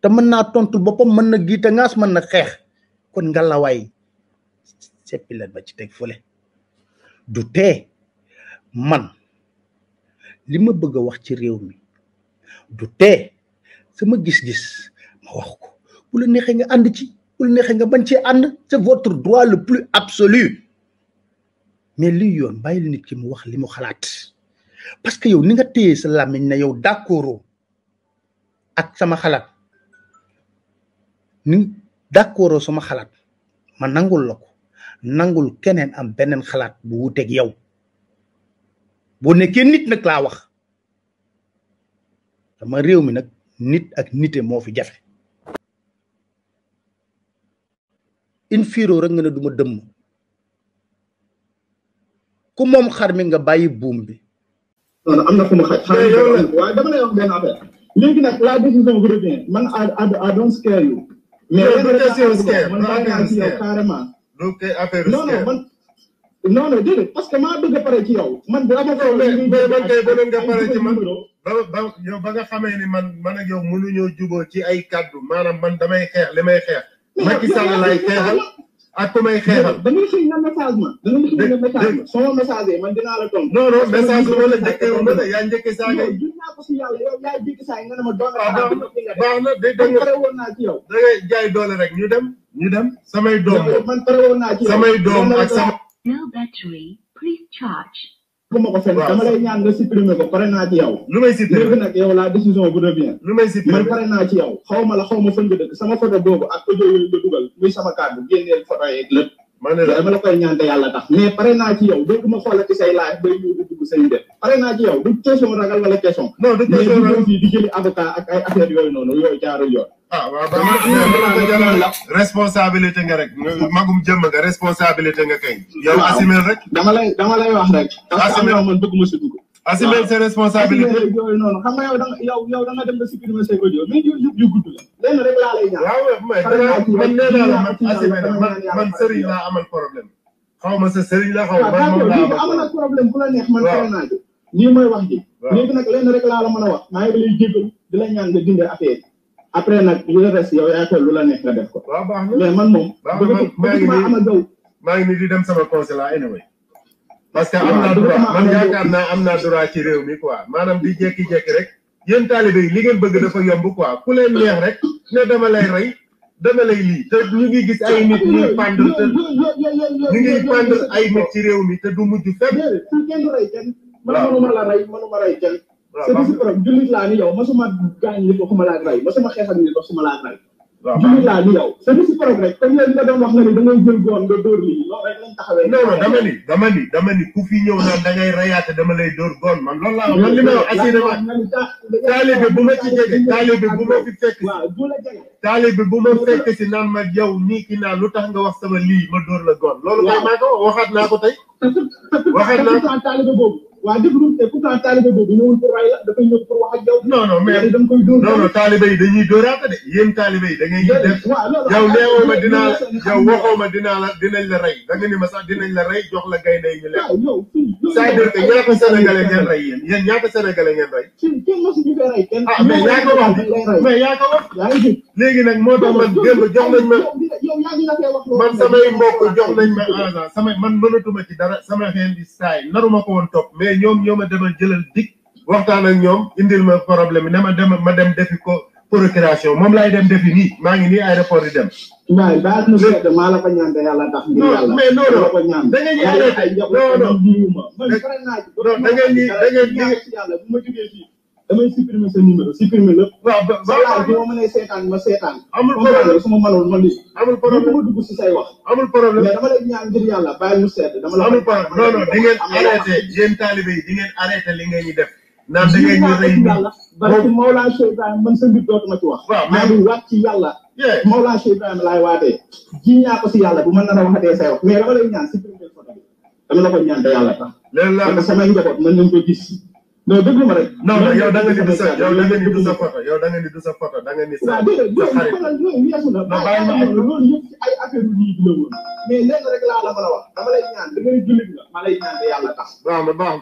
te mën naa tontu boppam mën na giite ngaas mën na xeex kon ngalawaay seppi leen ba ci teg fële du tee man li ma bëgg a wax ci réew mi du tee sama gis-gis ma wax ko bu la neexee nga ànd ci bu la neexee nga bañ ci ànd c'est votre droit le plus absolu mais liy yoon bàyyil nit ki mu wax li mu xalaat parce que yow ni nga téye sa làmmiñ na yow d'accord ak sama xalaat ni d'accord sama xalaat ma nangul la ko nangul keneen am beneen xalaat bu wuteeg yow boo nekkee nit nag laa wax dama réew mi nag nit ak nite moo fi jafe in fiiroo rek nga ne duma dëmm ku moom xar mi nga bàyyi buum bi non am na fu ma xar waaye dama lay wax mais benn question scam man bàyyi naa ci donc affaire non non que maa bëgg a pare ci yow. man bu kaw mais mais man kay ba nga pare ci man nga xamee ni man man ak yow ñëw juboo ci ay kaddu maanaam man damay xeex li may xeex. Macky Sall lay xeexal. ak ku may xeexal. da nga siy ne message ma. da nga siy ne message ma sama message man dinaa la tontu. non non message bi wala njëkkee woon na yaa njëkkee saa ngay. gis naa ko si yàlla yow yaa njëkk saa yi nga ne ma doole. waaw ah, baax na day dégg nga woon naa ci yow. da ngay jaay doole rek ñu dem. ñu dem samay doom man pare woon naa ci yow samay doom ak sama. No battery, please charge. ma ko fenn dama lay ñaan nga supprimer naa ci yow. la xaw ma la xaw ma fan nga dëkk sama sama kàddu génneel la dama koy ñaan yàlla tax mais pare naa ci yow dootuma xoolati say laaj bay ñëw dugg say mbir. pare naa ci yow du question ragal wala question. non du jëli avocat ak ay yooyu noonu yooyu jaarul yoon. ah waaw ba nga responsabilité nga rek magum jëmm nga responsabilité nga kay. yow assumer rek. dama lay dama wax rek. assumer man bëgguma si dugg. assumer sa responsabilité yooyu noonu xam da nga yow yow yu gudd la. lenn rek laa lay ñaan. waaw mais man nee naa la man assumer man man sëriñ laa amal problème. xaw ma sëriñ la xaw laa amal problème ku la neex man xaw naa ji. wax ji. waaw léegi nag rek laa la a wax. maa ngi lay jégalu di la ñaan nga dindi affaire après nag yu la des yow yaa lu la nekk def ko. waaw man moom. baax na maa ngi nii maa ngi nii di dem sama la anyway. parce que am naa droit man yaakaar naa am naa droit ci réew mi quoi maanaam di jékki-jékki rek yéen taalibe yi li ngeen bëgg dafa yomb leen neex rek ne dama lay lii te ñu ngi gis ay nit ñuy pàndal ay nit ci réew mi te du mujj fenn. waaw kenn du sëriñ si borom jullit laa ni yow masuma gaañ nit waxuma laa rey masuma xeexal nit waxuma laa rey laa nga doon nga da ngay jël goon nga dóor lii loolu rek lañ taxawee non non dama ni dama ni dama ni ku fi ñëw naan da ngay reyaate dama lay dóor goon man loolu laa man li ma wax assurément taalibe bu ma ci jege taalibe bu ma fi fekk si bu ma fekk si naan ma yow nii ki naan lu tax nga wax sama lii ma dóor la goon loolu kay maa ko waxaat naa ko tey waxaat naa ko taalibe boobu waaye déglu te pourtant taalibe boobu ñëwul pour ray la dafay ñëw pour wax ak yow. non non mais da nga koy dóor. non non taalibe yi dañuy dóoraata de yéen taalibe yi da ngay def. yow neewoo ma dinaa la yow waxoo ma dinaa la dinañ la rey da nga ni ma sax dinañ la rey jox la gaynde ñu lekk. c'est-à-dire que ñaata sénégalais ngeen rey yéen yéen ñaata sénégalais ngeen rey. ah mais yaa ko wax mais yaa ko wax. léegi nag moo tax man démb jox nañ ma man samay mbokk jox nañ ma Aga samay man mënatuma ci dara sama xeen di saay naruma ko woon topp mais ñoom ñoo ma demal jëlal dig waxtaan ak ñoom indil ma problème bi ne ma dem ma dem defi ko procuration moom laay dem defi nii maa ngi nii aéroport di dem. waaye baal na sedd maa la ko ñaan de yàlla tax. ngir yàlla mais non non da ngeen damay supprimer sa numéro supprimer lépp. waaw ma mënee seetaan ma seetaan. amul problème su ma mënoon ma lii. amul problème si say wax. amul problème mais dama lay ñaan ngir yàlla bàyyi mu sedd. dama la amul problème non non di ngeen arrêté yéen taalibe yi di ngeen arrêté li ngeen ñu def. naan da ngeen ñu rëy yàlla. parce que Mawlaa Cheikh Ibrahima man sa mbir yàlla. Mawlaa Cheikh Ibrahima ko si yàlla bu mën na la waxatee say wax mais dama lay ñaan supprimer photo bi dama la ko ñaan te yàlla tax. non déglu ma rek. non non yow da nga ni du sa yow da nga ni du sa photo yow da nga ni du sa photo da nga ni sa. xarit waaw déedéet loolu yëpp ci ay affaire yu nii dina woon. mais lenn rek laa la mën a wax dama lay ñaan da ngay jullit nga ma lay ñaan de yàlla tax. waaw ma baax.